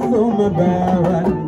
ثم باوت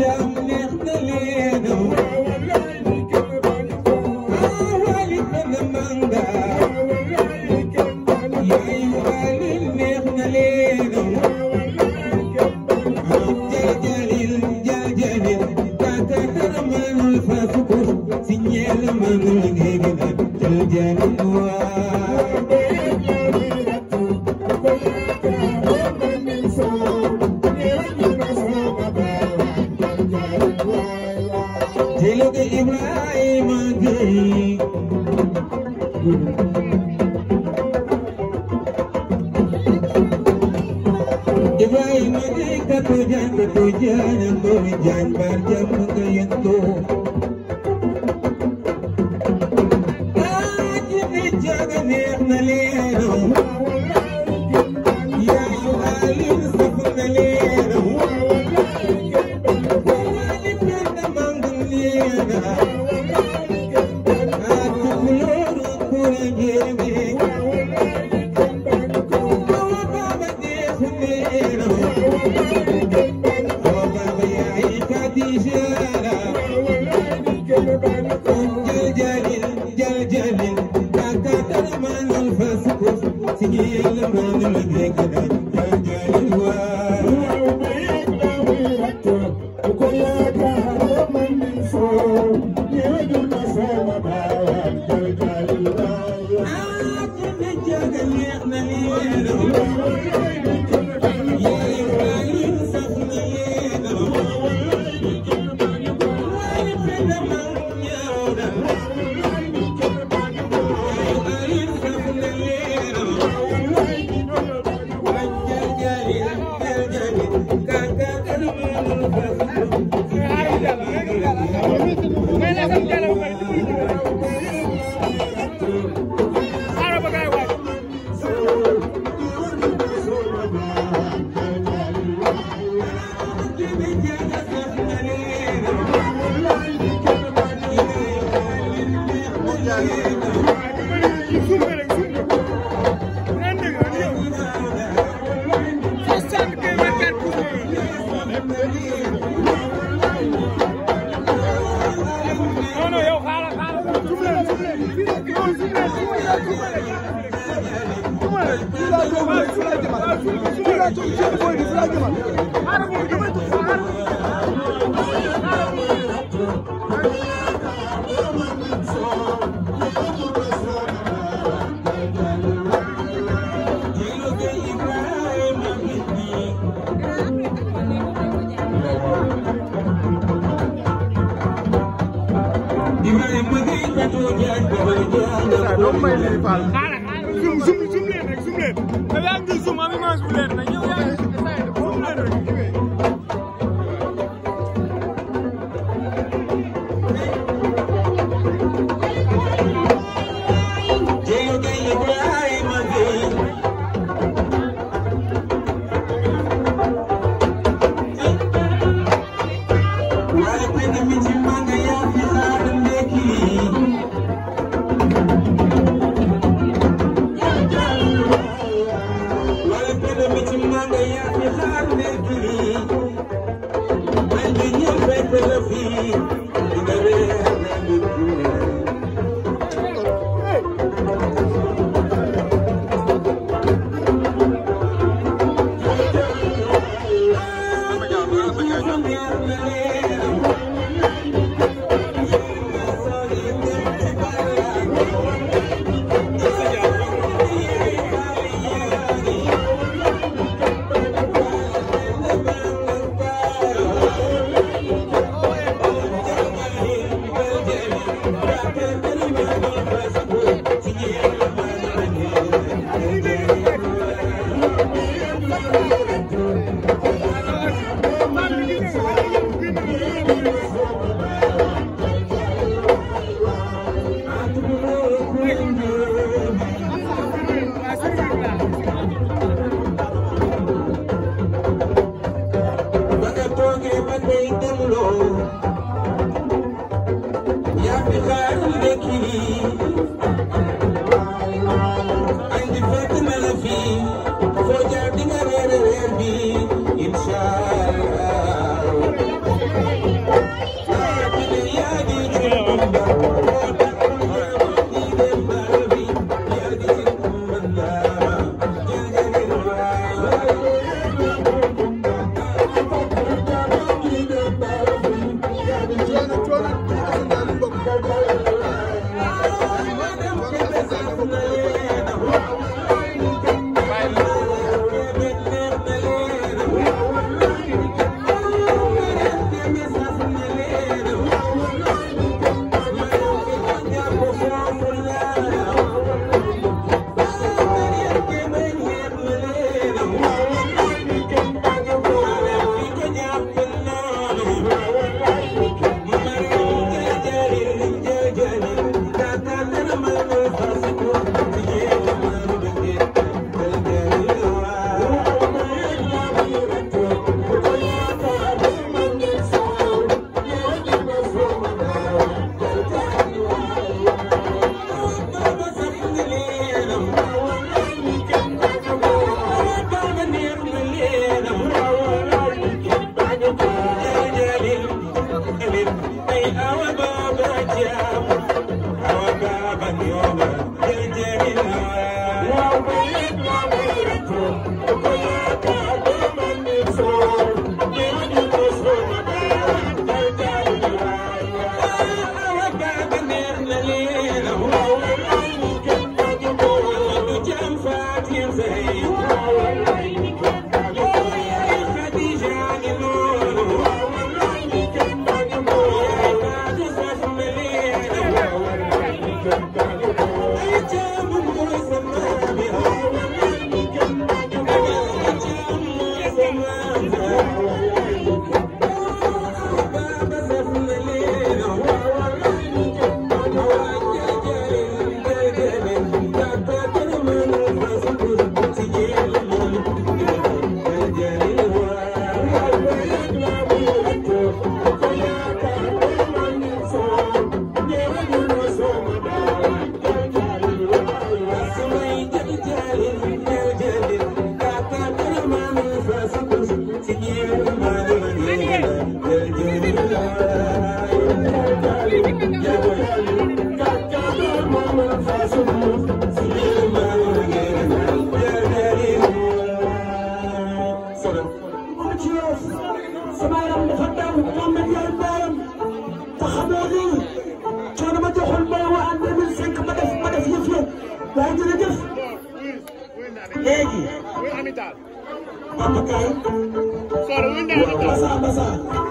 Yeah. loge Ibrahima Gueye Ibrahima Gueye ka to jaan ka to jaan mboori jaan baar jaan ka yëngoo Zoom zoom zoom leen rek zoom leen. Da yaa ngi zoom am image bu leen. Thank you. léegi. Babacar. Soro Manda Amita Basa Basa.